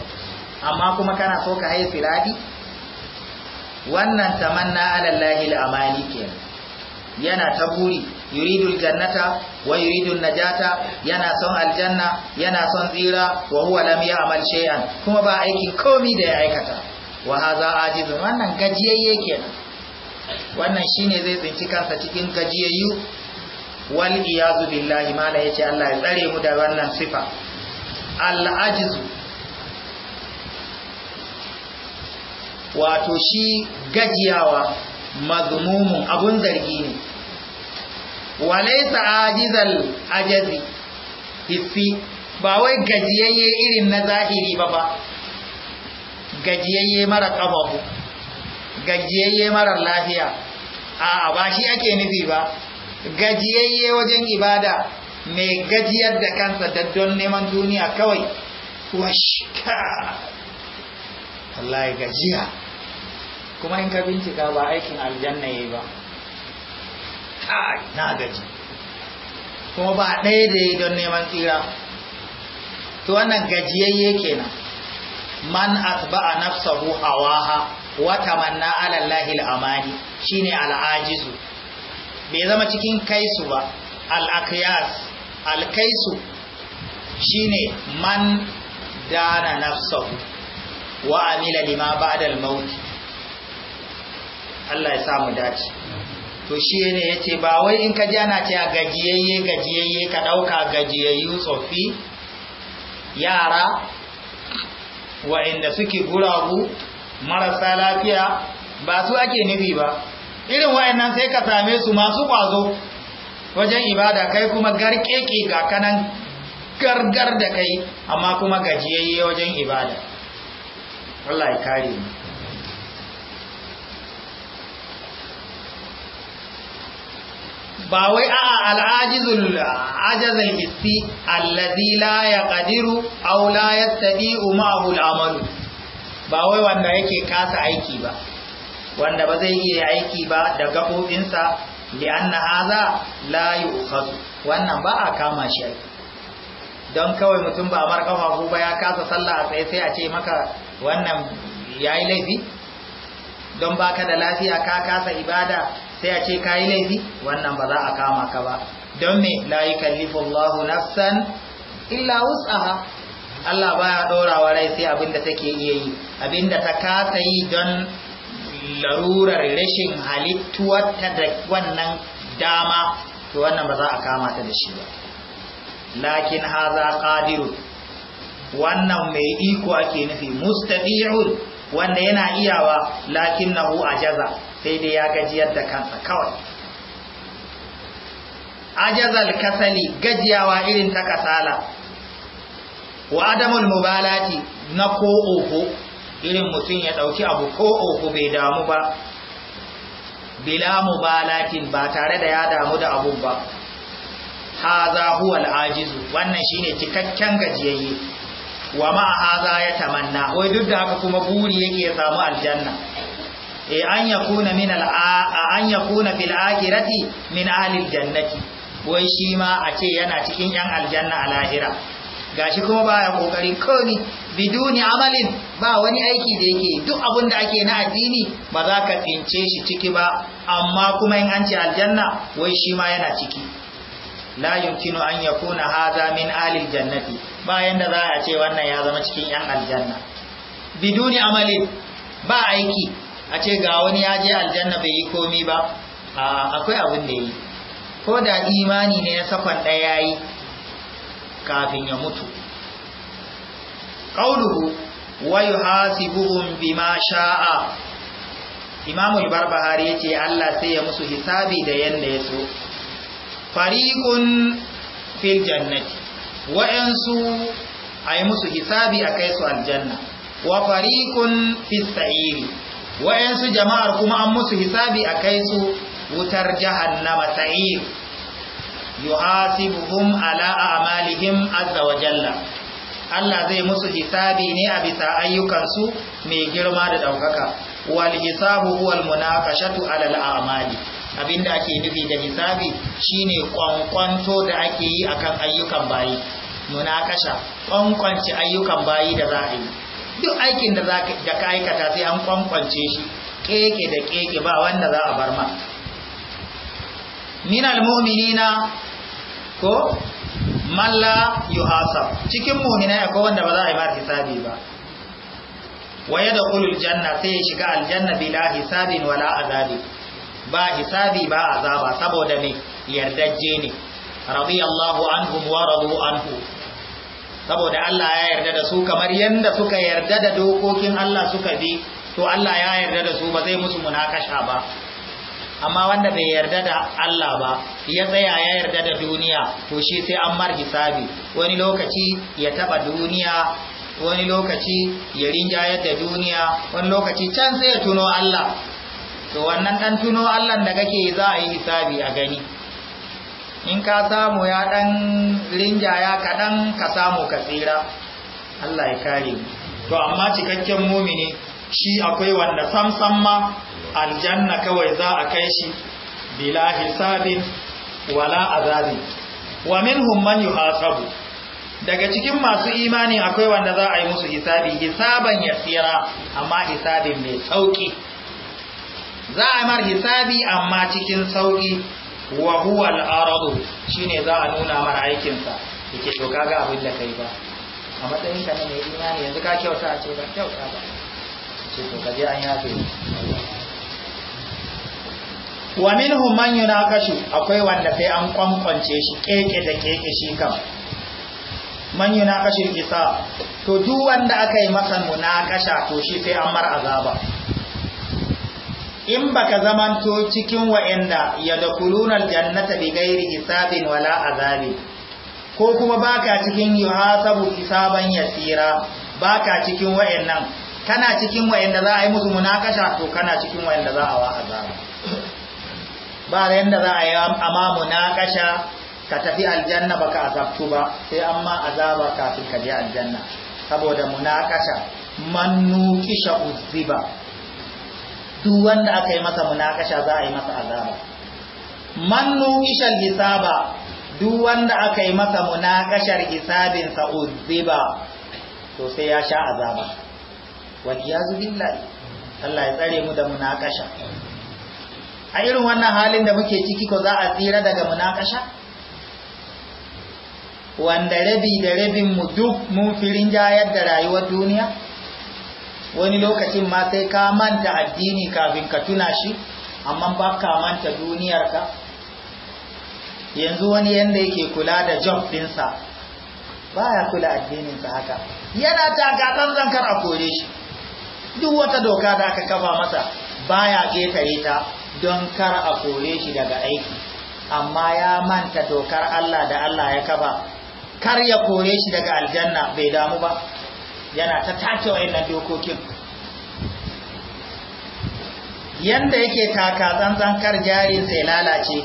[SPEAKER 1] amma kuma kana so ka haye siradi wannan tamanna alallahi al'amali yana ta buri yuridul jannata wa yuridul najata yana son aljanna yana son tsira wa huwa lam ya'mal kuma ba aikin komi da ya aikata wa hadha ajizu wannan gajiyayye kenan wannan shine zai tsinci kasa cikin gajiyayyu wal iyazu billahi mala yace Allah ya tsare mu da wannan sifa al ajizu wato shi gajiyawa mazmumun abun zargi ne walaisa ajizal ajazi hissi ba wai gajiyayye irin na zahiri ba ba gajiyayye mara ƙafafu gajiyayye mara lafiya a ba shi ake nufi ba gajiyayye wajen ibada mai gajiyar da kansa daddon neman duniya kawai washika wallahi gajiya kuma in ka bincika ba aikin aljanna ba kai na gaji kuma ba ɗaya da yi don neman tsira to wannan gajiyayye kenan man asba'a nafsahu hawaha wa tamanna ala allahi amani shine al-ajizu bai zama cikin kaisu ba al'akiyas al'kaisu, shine man dana nafsahu wa amila lima ba'da al Allah ya samu dace to shi ne ya ce ba wai in ka ji ana cewa a gajiyayye gajiyayye ka ɗauka gajiyayyu tsoffi yara wa'inda suke guragu marasa lafiya ba su ake nufi ba irin wa'annan sai ka same su masu ƙwazo wajen ibada kai kuma ke ga kanan gargar da kai amma kuma gajiyayye wajen ibada Allah ya kare mu ba wai a al'ajizul ajazal hissi allazi la yaqdiru aw la yastati'u ma'ahu al'amal ba wai wanda yake kasa aiki ba wanda ba zai iya aiki ba da gabobinsa li anna hadha la yu'khadhu wannan ba a kama shi don kawai mutum ba mar kafafu ba ya kasa sallah a tsaye sai a ce maka wannan yayi laifi don baka da lafiya ka kasa ibada sai a ce kayi laifi wannan ba za a kama ka ba don me la yukallifullahu nafsan illa wus'aha Allah baya wa rai sai abinda take iya yi abinda ta kasa yi don larurar rashin halittuwar ta da wannan dama to wannan ba za a kama ta da shi ba lakin haza qadiru wannan mai iko ake nufi mustadi'un wanda yana iyawa nahu ajaza sai dai ya gajiyar da kansa kawai ajazal kasali gajiyawa irin ta kasala wa adamul mubalati na ko oho irin mutum ya dauki abu ko oho bai damu ba bila mubalatin ba tare da ya damu da abu ba haza huwa al'ajizu wannan shine cikakken gajiyayye wa ma haza ya tamanna wai duk da haka kuma buri yake samu aljanna e an yakuna min al an yakuna fil akhirati min ahli jannati wai shi ma a ce yana cikin yan aljanna a lahira gashi kuma baya kokari komi biduni amalin ba wani aiki da yake duk abin da ake na addini ba za ka tsince shi ciki ba amma kuma in an ce aljanna wai shi ma yana ciki la yumkinu an yakuna hadha min ahli jannati bayan da za a ce wannan ya zama cikin yan aljanna biduni amalin ba aiki a ce ga wani ya je aljanna bai yi komi ba akwai abin da yi ko da imani ne na sakon ɗaya yi kafin ya mutu ƙauluhu wa yuhasibuhum bima sha'a imamu barbahari yace Allah sai ya musu hisabi da yanda ya so fariqun fil jannati wa'ansu ayi musu hisabi akai su aljanna wa fariqun fis sa'iri wayansu jama'ar kuma an musu hisabi a kai su wutar jahannama sa'ir yuhasibuhum ala a'malihim azza wa jalla Allah zai musu hisabi ne a bisa ayyukansu mai girma da ɗaukaka wal hisabu wal munaqashatu ala amali abinda ake nufi da hisabi shine kwankwanto da ake yi akan ayyukan bayi munakasha kwankwance ayyukan bayi da za a yi duk aikin da ka aikata sai an kwankwance shi keke da keke ba wanda za a bar ma min almu'minina ko malla yuhasab cikin mu'minai akwai wanda ba za a yi ba hisabi ba waya da kulul janna sai ya shiga aljanna bila hisabin wala azabi ba hisabi ba azaba saboda ne yardajje ne radiyallahu anhu wa radu anhu saboda Allah ya yarda da su kamar yadda suka yarda da dokokin Allah suka bi to Allah ya yarda da su ba zai musu munakasha ba amma wanda bai yarda da Allah ba ya tsaya ya yarda da duniya to shi sai an mar hisabi wani lokaci ya taba duniya wani lokaci ya rinjayar da duniya wani lokaci can sai ya tuno Allah to wannan dan tuno Allah da kake za a yi hisabi a gani in ka samu ya ɗan rinjaya kaɗan ka samu ka tsira Allah ya kare to amma cikakken mumini shi akwai wanda samsam ma aljanna kawai za a kai shi bila hisabin wala azabi wa minhum man yuhasabu daga cikin masu imani akwai wanda za a yi musu hisabi hisaban tsira, amma hisabin mai sauki za a mar hisabi amma cikin sauki wa huwa al-aradu shine za a nuna mar aikin sa yake to kaga abin da kai ba a matsayin ka ne mai imani yanzu ka kyauta a ce ba kyauta ba ce to kaje an yafe wa minhum man yunaqashu akwai wanda sai an kwankwance shi keke da keke shi kam man yunaqashu isa to duk wanda aka yi masa munakasha to shi sai an mar azaba in baka zamanto cikin wa'anda jannata da gairi hisabin wala azabi ko kuma baka cikin yuhasabu hisaban yasira baka cikin wa'annan kana cikin wa'anda za a yi musu munakasha to kana cikin wa'anda za a wa azaba ba da yanda za a yi amma munakasha ka tafi aljanna baka azabtu ba sai amma azaba kafin ka je aljanna saboda munakasha man nuqisha uzziba duk wanda aka yi masa munakasha za a yi masa azaba mannu ishal hisaba duk wanda aka yi masa munakashar hisabinsa uzziba to sai ya sha azaba waliyazu billahi Allah ya tsare mu da munakasha a irin wannan halin da muke ciki ko za a tsira daga munakasha wanda rabi da rabin mu duk mun firin jayar da rayuwar duniya wani lokacin ma sai ka manta addini kafin ka tuna shi amma ba ka manta duniyarka yanzu wani yanda yake kula da job dinsa baya kula addininsa haka yana ta zan kar a kore shi duk wata doka da aka kafa masa baya ƙetare ta don kar a kore shi daga aiki amma ya manta dokar Allah da Allah ya kafa kar ya kore shi daga aljanna bai damu ba yana ta take wa wayannan dokokin yanda yake taka zanzan kar jarin sai lalace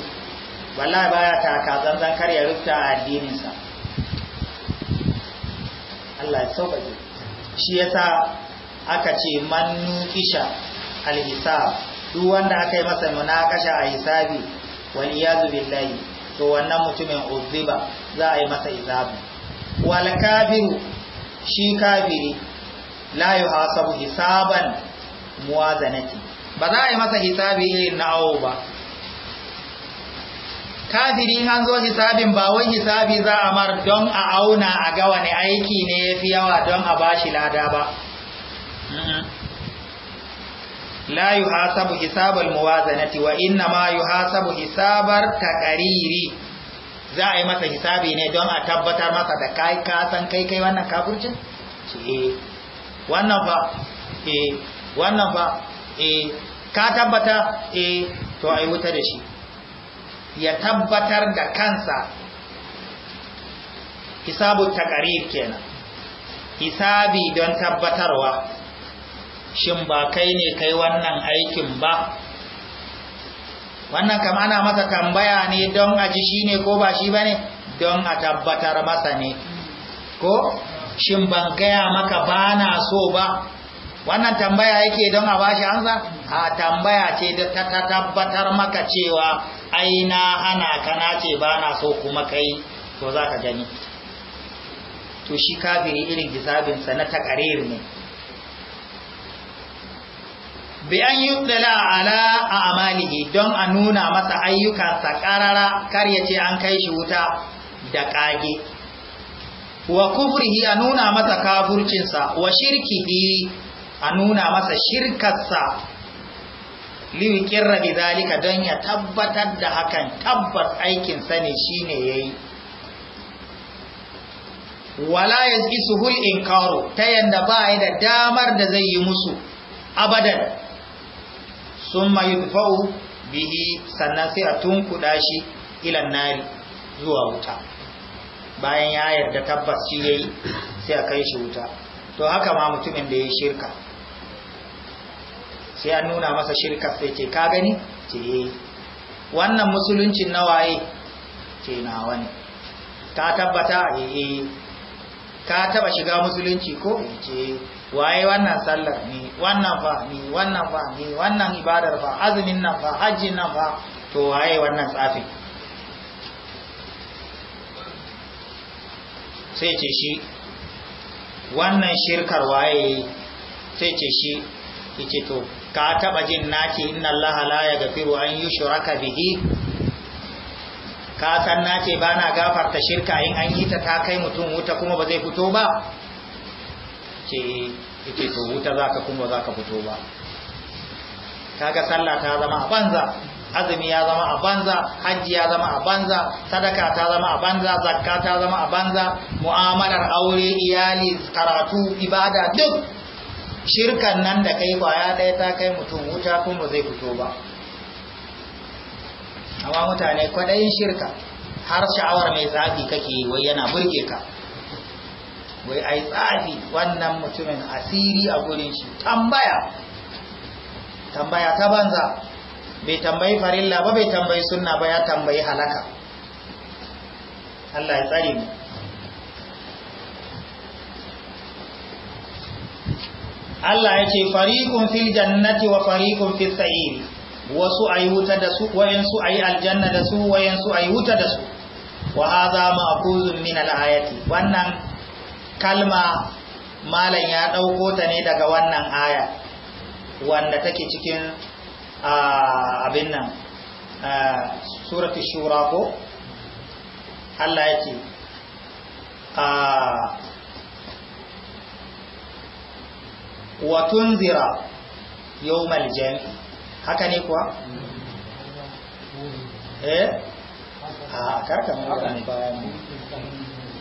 [SPEAKER 1] wallahi baya taka zanzan kar ya rufta addininsa Allah ya sauƙaƙe shi yasa aka ce man kisha alhisab duk wanda aka yi masa munakasha a hisabi wal iyazu billahi to wannan mutumin uziba za a yi masa izabi wal kafiru shi kafiri la hasabu hisaban muwazanati ba za a yi masa hisabi irin na awo ba kafiri an zo hisabin ba wai hisabi za a mar don a auna a ga wani aiki ne ya fi yawa don a ba shi lada ba la yuhasabu hisabal muwazanati wa inna ma yuhasabu hisabar takariri za a yi masa hisabi ne don a tabbatar masa da kai ka san kai kai wannan kafircin ce eh wannan ba eh wannan ba eh ka tabbata eh to ai wuta da shi ya tabbatar da kansa hisabu taqrir kenan hisabi don tabbatarwa shin ba kai ne kai wannan aikin ba wannan kam ana masa tambaya ne don a ji shi ne ko ba shi ba ne don a tabbatar masa ne ko shin ban gaya maka ba na so ba wannan tambaya yake don a bashi hanza a tambaya ce da ta tabbatar maka cewa aina na hana ka ce ba na so kuma kai to za ka gani to shi kafiri irin hisabinsa na takarir ne bi an yudala ala a amalihi don a nuna masa ayyukansa ƙarara kar ya ce an kai shi wuta da ƙage wa kufrihi a nuna masa kafurcinsa wa shirkihi a nuna masa shirkarsa liwikirra bi zalika don ya tabbatar da hakan tabbas aikinsa ne shine yayi wala yazisuhul inkaru ta yanda ba da damar da zai yi musu abadan sun ma yi bihi sannan sai a tunkuɗa shi ilan nari zuwa wuta bayan ya yarda tabbas shi yayi sai a kai shi wuta to haka ma mutumin da ya shirka sai an nuna masa shirka sai ce ka gani ce eh. wannan musuluncin nawaye ce na wani ka tabbata a eh, eh. ka taba shiga musulunci ko ce waye wannan sallar ne wannan fa ne wannan fa ne wannan ibadar fa azumin nan fa hajjin nan fa to waye wannan tsafi sai ce shi wannan shirkar waye sai ce shi yace to ka taba jin nace inna allaha la yaghfiru an yushraka bihi ka san nace bana gafarta shirka in an yi ta ta kai mutum wuta kuma ba zai fito ba ce ita to wuta za ka kuma zaka fito ba kaga sallah ta zama a banza azumi ya zama a banza hajji ya zama a banza sadaka ta zama a banza zakka ta zama a banza mu'amalar aure iyali karatu ibada duk shirkan nan da kai kwaya ɗaya ta kai mutum wuta kuma zai fito ba amma mutane kwaɗayin shirka har sha'awar mai zaɓi kake wai yana burge ka wai ai tsafi wannan mutumin asiri a gurin shi tambaya tambaya ta banza bai tambayi farilla ba bai tambayi sunna ba ya tambayi halaka Allah ya tsare mu Allah ya ce fariqun fil jannati wa fariqun fis sa'iri wasu ayi wuta da su wayansu ayi aljanna da su wayansu ayi wuta da su wa hadha ma'quzun min al-ayati wannan kalma malam ya ɗauko ta ne daga wannan aya wanda take cikin abin nan suratu shura ko Allah ya wa tunzira yawmal jami haka ne kuwa eh a ah, karka ne.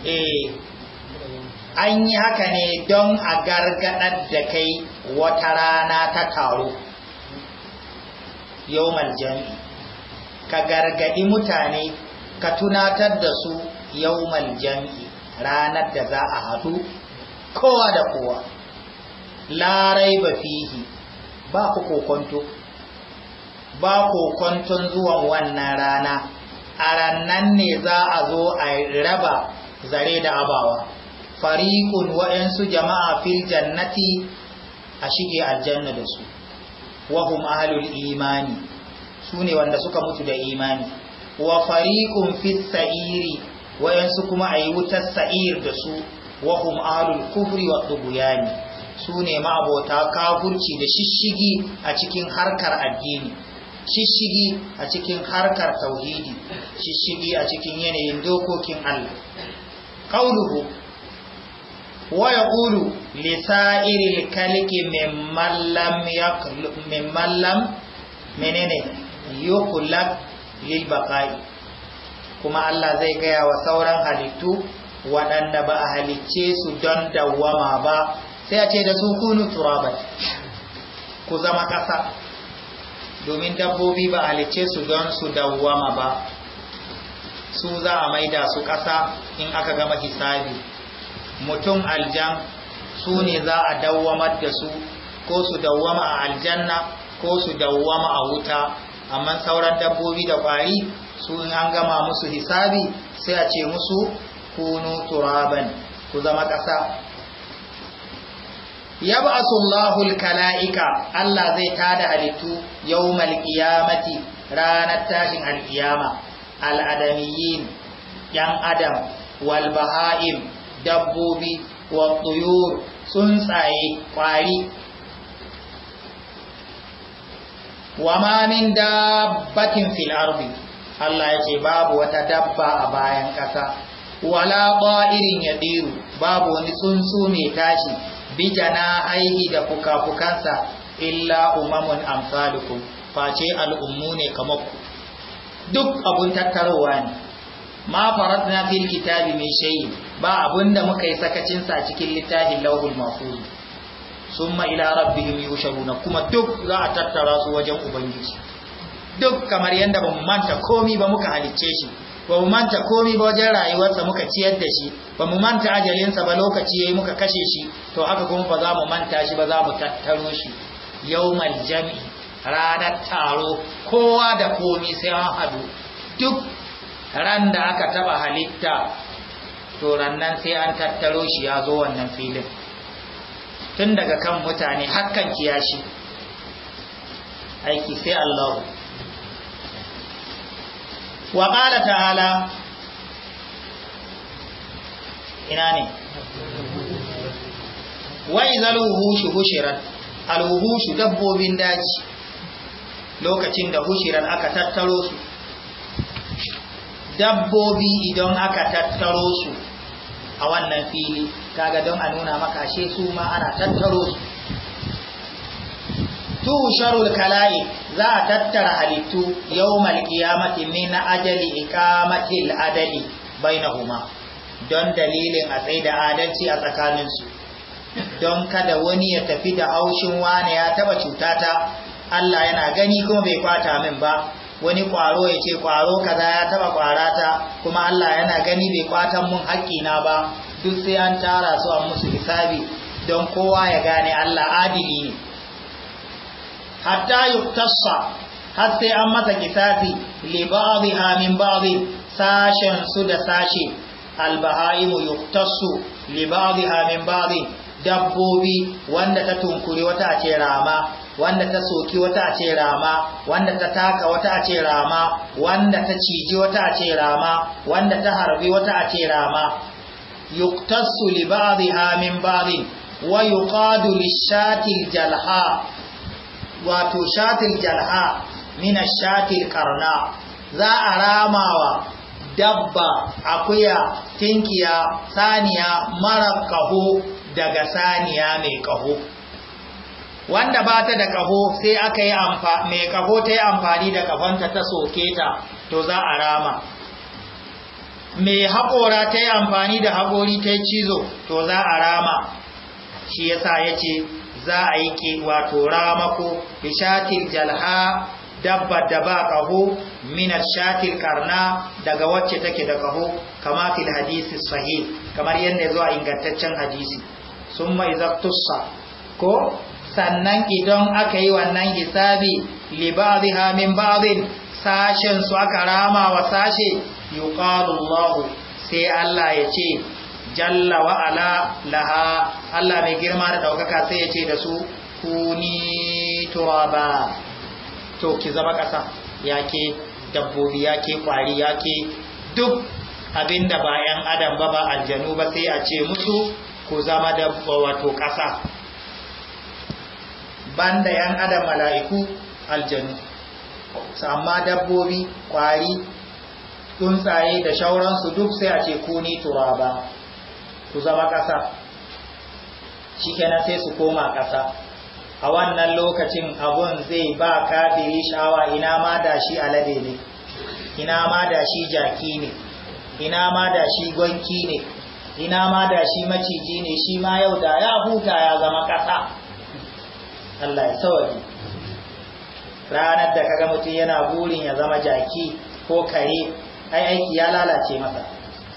[SPEAKER 1] eh an yi haka ne don a gargadar da kai wata rana ta taro yau ka gargadi mutane ka tunatar da su yau jami'i ranar da za a haɗu kowa da kowa larai ba fihi ba ku kokonto ba kokonton zuwan wannan rana a rannan ne za a zo a raba zare da abawa fariqun wa'ansu jama'a fil jannati a shige aljanna da su wahum ahlul imani sune wanda suka mutu da imani wa fariqun fis sa'iri wa'ansu kuma ayi wutar sa'ir da su wahum ahlul kufri wa tubuyani sune ma'abota kafurci da shishigi a cikin harkar addini shishigi a cikin harkar tauhidi shishigi a cikin yanayin dokokin Allah qauluhu wa yaqulu li sa'iril kaliki mimman menene yukhluq kuma Allah zai gaya wa sauran halittu waɗanda ba a halicce su don dawama ba sai a ce da su kunu turabat ku zama ƙasa domin dabbobi ba halicce su don su dawwama ba su za a maida su ƙasa in aka gama hisabi mutum aljan su ne za a dawwamar da su ko su dawwama a aljanna ko su dawwama a wuta amma sauran dabbobi da kwari su in an gama musu hisabi sai a ce musu kunu turaban ku zama ƙasa yab'asu Allahul kala'ika Allah zai tada halittu yawmal qiyamati ranar tashin alkiyama al'adamiyin yan adam wal baha'im dabbobi wa tuyur tsuntsaye kwari wa ma min dabbatin fil Allah ya ce babu wata dabba a bayan ƙasa. wala ba'irin diru babu wani tsuntsu mai tashi bi aihi da fuka-fukansa illa umamun amsalukum face al'ummu ne kamar ku duk abun tattarowa ne ma faratna fil kitabi min shay'in ba abinda muka yi sakacin sa cikin littafin lauhul mahfuz summa ila rabbihim yusharuna kuma duk za a tattara su wajen ubangiji duk kamar yadda ba manta komi ba muka halicce shi ba mu manta komi ba wajen rayuwarsa muka ciyar da shi ba mu manta ajalinsa ba lokaci yayi muka kashe shi to haka kuma ba za mu manta shi ba za mu tattaro shi yawmal jami ranar taro kowa da komi sai an hadu duk ran da aka taba halitta to rannan sai an tattaro shi ya zo wannan filin tun daga kan mutane hakan kiyashi aiki sai Allah wa qala ta'ala ina ne wa idhal wuhushu hushirat al wuhushu dabbobin daji lokacin da hushiran aka tattaro su dabbobi idan aka tattaro su a wannan fili kaga don a nuna maka ashe su ma ana tattaro su tusharul kala'i za a tattara halittu yau yawmal qiyamati na ajali bai adali huma, don dalilin a da adalci a tsakaninsu. don kada wani ya tafi da haushin wane ya taba cutata Allah yana gani kuma bai kwata min ba wani kwaro ya ce kwaro kaza ya taba ta kuma Allah yana gani bai kwatan mun na ba duk sai an tara su a musu hisabi don kowa ya gane Allah adili ne hatta yuktassa har sai an masa kisasi li ba'dha min sashen su da sashe albahaimu yuktassu li ba'dha min ba'd dabbobi wanda ta tunkuri wata ce rama wanda ta soki wata a ce rama wanda ta taka wata a ce rama wanda ta ciji wata a ce rama wanda ta harbi wata a ce rama yuktasu li ba'dha min ba'dhin wa yuqadu lishatil jalha wato shatil jalha min ashatil qarna za a ramawa dabba akuya tinkiya saniya mara kaho daga saniya mai kaho wanda ba ta da ƙaho sai aka yi amfani mai ƙaho ta yi amfani da ƙahonta ta soke ta to za a rama mai haƙora ta yi amfani da haƙori ta cizo to za a rama shi yasa ya ce za a yi ke wato ramako bishatil jalha dabba da ba ƙaho minar shatil karna daga wacce take da ƙaho kama fil hadisi sahih kamar yadda zuwa ingantaccen hadisi sun mai zaktussa ko sannan idan aka yi wannan hisabi li ba'dha min sashen su aka rama wa sashe yuqalu Allah sai Allah ya ce jalla wa ala laha Allah mai girma da ɗaukaka sai ya ce da su kuni ba. to ki zama kasa yake dabbobi yake kwari yake duk abinda ba 'yan adam ba ba aljanu ba sai a ce musu ku zama da wato ƙasa banda yan adam mala'iku aljanu amma dabbobi kwari tsuntsaye da shauransu duk sai a ce kuni turaba ku zama ƙasa kenan sai su koma ƙasa a wannan lokacin abun zai ba kafiri shawa ina ma da shi alade ne ina ma da shi jaki ne ina ma da shi gwanki ne ina ma da shi maciji ne shi ma yau da ya huta ya zama ƙasa Allah ya sawaki ranar da kaga mutum yana burin ya zama jaki ko kare ai aiki ya lalace masa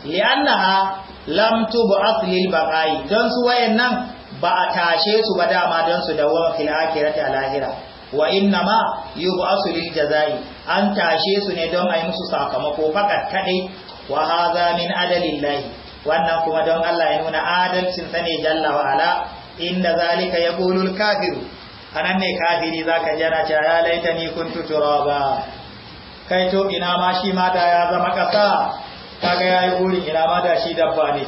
[SPEAKER 1] li'annaha lam tubu aslil baqai don su wayannan ba a tashe su ba dama don su dawwama fil akhirati al akhirah wa inna ma yub'asu lil jazai an tashe su ne don ai musu sakamako fakat kadai wa hadha min adalillahi wannan kuma don Allah ya nuna adalcin sa ne jalla wa ala inda zalika yaqulu al kafiru anan ne kafiri zaka ji yana cewa ya laitani kuntu turaba kai to ina ma shi ma da ya zama kasa kaga yi burin ina ma da shi dabba ne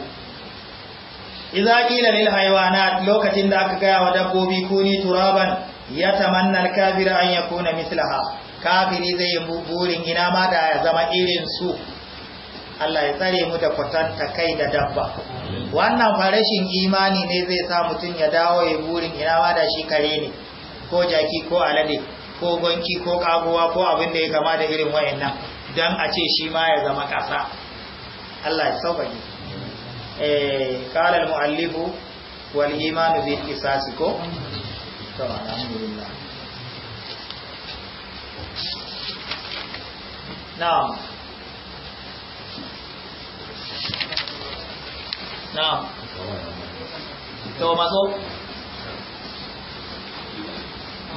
[SPEAKER 1] idza qila lil hayawanat lokacin da aka gaya wa dabbobi kuni turaban ya al kafiru an ya yakuna mislaha kafiri zai yi burin ina ma da ya zama irin su Allah ya tsare mu da kwatanta kai da dabba wannan farashin imani ne zai sa mutum ya dawo ya burin ina ma da shi kare ne ko jaki ko alade ko gonki ko kaguwa ko abin da ya gama da irin wayannan dan a ce shi ma ya zama kasa Allah ya sauƙaƙe eh qala al muallifu wal iman bi qisasi ko to alhamdulillah na'am na'am to maso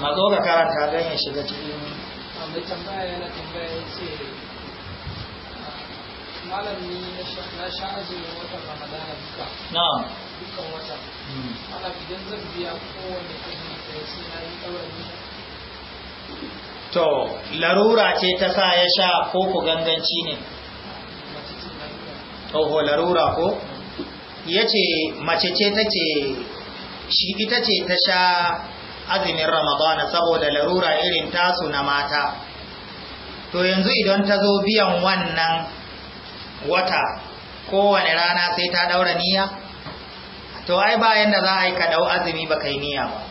[SPEAKER 1] matso ka karanta don ya shiga cikin mai tambaya yana tambaya ya ce ah, malami na sha azumin ramadana duka na'am dukkan wata hmm. ana idan zan biya kowane azumi da ya sai na yi ɗaurari to larura ce ta sa ya sha ko ku ganganci ne oho larura ko ya ce mace ce ta ce shi ita ce ta sha azumin ramadana saboda larura irin tasu na mata to yanzu idan ta zo biyan wannan wata kowane rana sai ta daura niyya to ai bayan da za a yi ka azumi ba kai niyya ba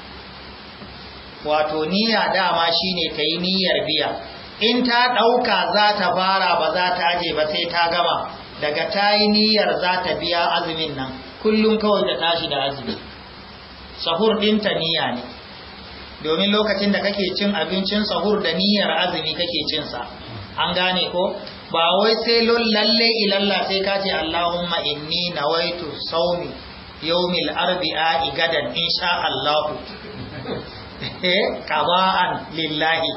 [SPEAKER 1] wato niyya dama shine ta yi niyyar biya in ta ɗauka za ta fara ba za ta aje ba sai ta gama daga ta yi niyyar za ta biya azumin nan kullum kawai ta tashi da azumi sahur ɗinta niyya ne domin lokacin da kake cin abincin sahur da niyyar azumi kake cinsa an gane ko ba wai sai lalle ilalla sai ka ce Allahumma inni nawaitu saumi yawmil arbi'a igadan insha Allah [laughs] eh, kaba'an lillahi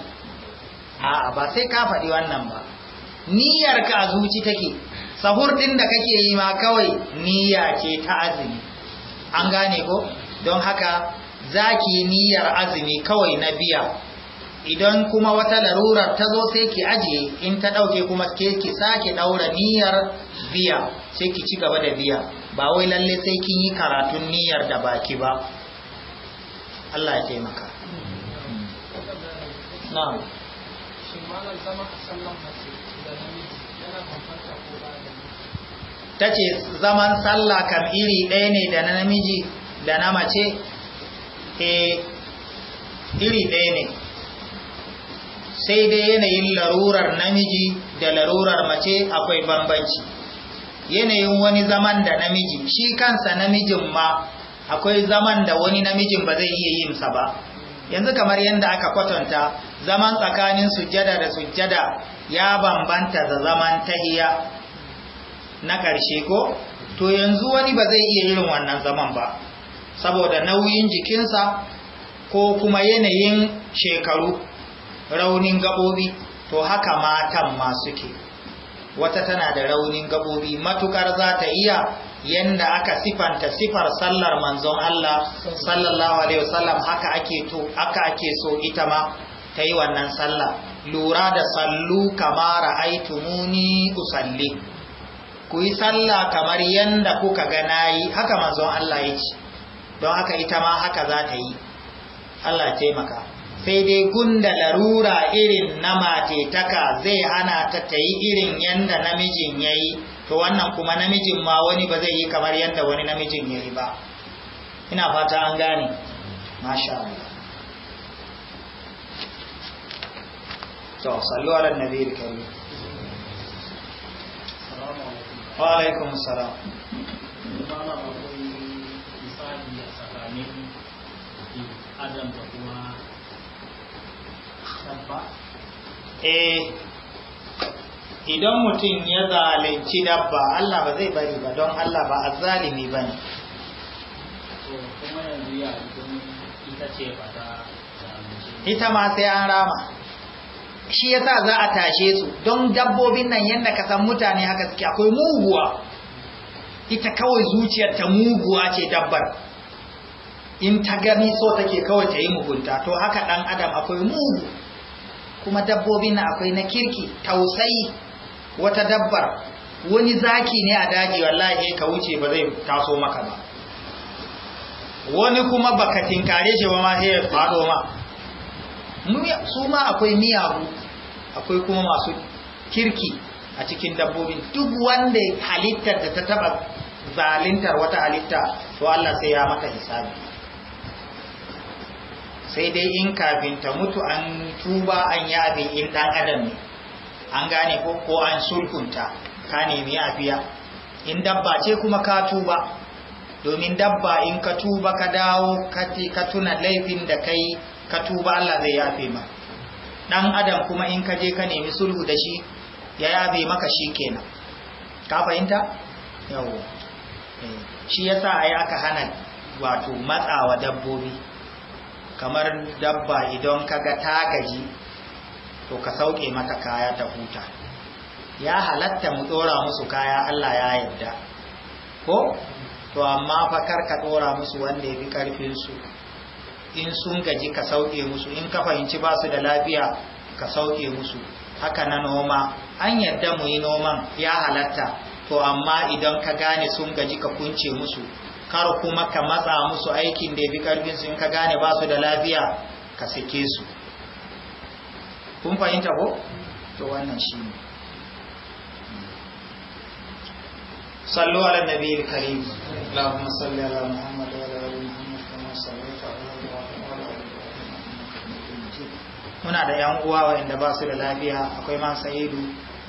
[SPEAKER 1] a ba sai ka faɗi wannan ba niyyar ka a zuci take sahur din da kake yi ma kawai niyya ce ta azumi an gane ko don haka zaki yi niyyar azumi kawai na biya idan kuma wata larurar ta zo sai ki ajiye in ta ɗauke kuma ke ki sake ɗaura niyyar biya sai ki ci gaba da biya ba wai lalle sai kin yi karatun niyyar da baki ba Allah ya taimaka na'am ta ce zaman sallah kam iri ɗaya ne da na namiji da na mace eh iri ne sai dai yanayin larurar namiji da larurar mace akwai bambanci yanayin wani zaman da namiji shi kansa namijin ma akwai zaman da wani namijin ba zai iya yin sa ba yanzu kamar yadda aka kwatanta zaman tsakanin sujjada da sujjada ya bambanta da zaman tahiya na ƙarshe ko to yanzu wani ba zai iya irin wannan zaman ba saboda nauyin jikinsa ko kuma yanayin shekaru raunin gabobi to haka matan ma suke wata tana da raunin gabobi matukar za ta iya yanda aka sifanta sifar sallar manzon Allah sallallahu alaihi wasallam haka ake to haka ake so ita ma ta yi wannan sallah lura da sallu kamar ra'aitumuni usalli ku yi sallah kamar yanda kuka ga nayi haka manzon Allah ya ce don haka ita ma haka za ta yi Allah taimaka sai dai gunda larura irin na taka zai hana ta ta yi irin yanda namijin ya yi to wannan kuma namijin ma wani ba zai yi kamar yanda wani namijin ya yi ba ina fata an gane masha Allah to sallu ala nabi karim wa alaikum salam adam da kuma eh idan mutum ya zalunci dabba Allah ba zai bari ba don Allah ba a zalimi ba ne kuma yanzu ya ita ce ba ta ita ma sai an rama shi yasa za a tashe su don dabbobin nan yadda ka san mutane haka suke akwai muguwa ita kawai zuciyar ta muguwa ce dabbar in ta gani so take kawai ta yi mugunta to haka ɗan adam akwai mugu kuma dabbobi na akwai na kirki tausayi wata dabbar wani zaki ne a daji wallahi ka wuce ba zai taso maka ba wani kuma baka tinkare shi ba ma sai ya faɗo ma su ma akwai miyagu akwai kuma masu kirki a cikin dabbobin duk wanda halittar da ta taba zalintar wata halitta to Allah sai ya maka hisabi sai dai in kafin ta mutu an tuba an yi abin in dan adam ne an gane ko ko an sulhunta ka nemi afiya in dabba ce kuma ka tuba domin dabba in ka tuba ka dawo ka tuna laifin da kai ka tuba Allah zai yafe ma dan adam kuma in ka je ka nemi sulhu da shi ya yabe maka shi kenan ka fahimta yawo eh, shi yasa ai aka hana wato matsawa dabbobi kamar dabba idan kaga ta gaji to ka sauke mata kaya ta huta ya halatta mu dora musu kaya Allah ya yarda ko to amma fa kar ka dora musu wanda yafi karfin su in sun gaji ka sauke musu in ka fahimci ba su da lafiya ka sauke musu haka na noma an yarda mu yi noman ya halatta to amma idan ka gane sun gaji ka kunce musu kar kuma ka matsa musu aikin da ya fi karfin su in ka gane ba su da lafiya ka sake su kun fahimta ko to wannan shi ne sallu ala nabi karim allahumma salli ala muhammad wa ala ali muhammad kama sallaita ala ibrahim wa ala ali ibrahim muna da yan uwa wanda ba su da lafiya akwai ma sa'idu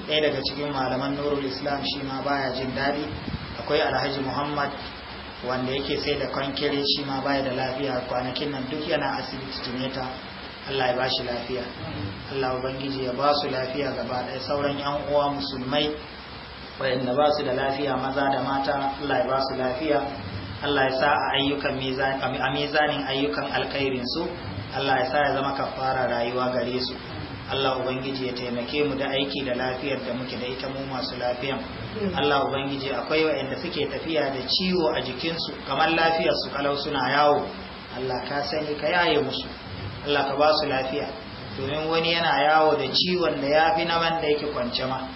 [SPEAKER 1] ɗaya daga cikin malaman nurul islam shi ma baya jin daɗi akwai alhaji muhammad wanda yake sai da kwankere shi ma baya da lafiya kwanakin nan duk yana asibiti tuneta Allah ya ba shi lafiya Allah ubangiji ya ba su lafiya gaba ɗaya sauran yan uwa musulmai wayanda ba su da lafiya maza da mata Allah ya ba su lafiya Allah ya sa a mizanin ayyukan alkhairin su Allah ya sa ya zama kafara rayuwa gare su Allah Ubangiji ya taimake mu da aiki da lafiyar da muke da ita mu masu lafiyan Allah Ubangiji akwai waɗanda suke tafiya da ciwo a jikinsu kamar lafiyar su kalau suna yawo Allah ka sani ka yaye musu Allah ka ba su lafiya domin wani yana yawo da ciwon da ya fi na da yake kwance ma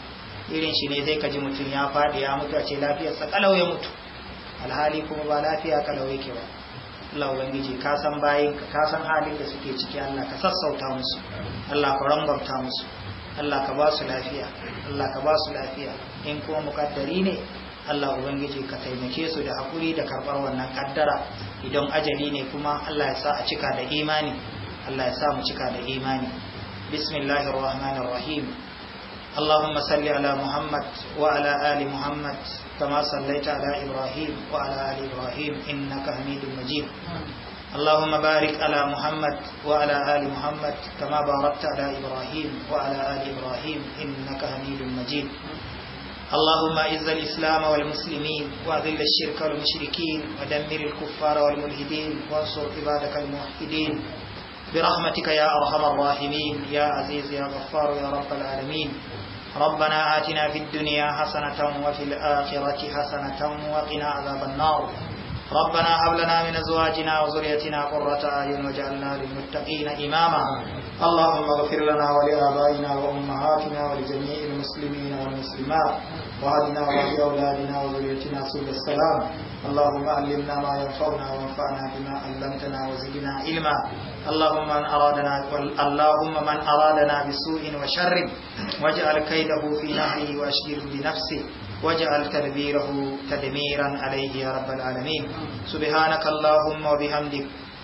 [SPEAKER 1] irin shi ne zai ka ji mutum ya faɗi ya mutu a ce lafiyar sa kalau ya mutu alhali kuma ba lafiya kalau yake ba Allah ubangiji ka san bayin ka ka san halin da suke ciki Allah ka sassauta musu Allah ka rangwamta musu Allah ka ba su lafiya Allah ka ba su lafiya in kuma muƙaddari ne Allah ubangiji ka taimake su da hakuri da karbar wannan kaddara idan ajali ne kuma Allah ya sa a cika da imani Allah ya sa mu cika da imani bismillahir rahmanir rahim اللهم صل على محمد وعلى آل محمد كما صليت على إبراهيم وعلى آل إبراهيم إنك حميد مجيد اللهم بارك على محمد وعلى آل محمد كما باركت على إبراهيم وعلى آل إبراهيم إنك حميد مجيد اللهم اعز الإسلام والمسلمين وأذل الشرك والمشركين ودمر الكفار والملحدين وانصر عبادك الموحدين برحمتك يا أرحم الراحمين يا عزيز يا غفار يا رب العالمين ربنا آتنا في الدنيا حسنة وفي الآخرة حسنة وقنا عذاب النار ربنا هب لنا من أزواجنا وذريتنا قرة أعين واجعلنا للمتقين إماما اللهم اغفر لنا ولآبائنا وأمهاتنا ولجميع المسلمين والمسلمات وأهلنا وهدي أولادنا وذريتنا سبل السلام اللهم علمنا ما ينفعنا وانفعنا بما علمتنا وزدنا علما اللهم من أرادنا اللهم من أرادنا بسوء وشر واجعل كيده في نحره وأشجره بنفسه واجعل تدبيره تدميرا عليه يا رب العالمين سبحانك اللهم وبحمدك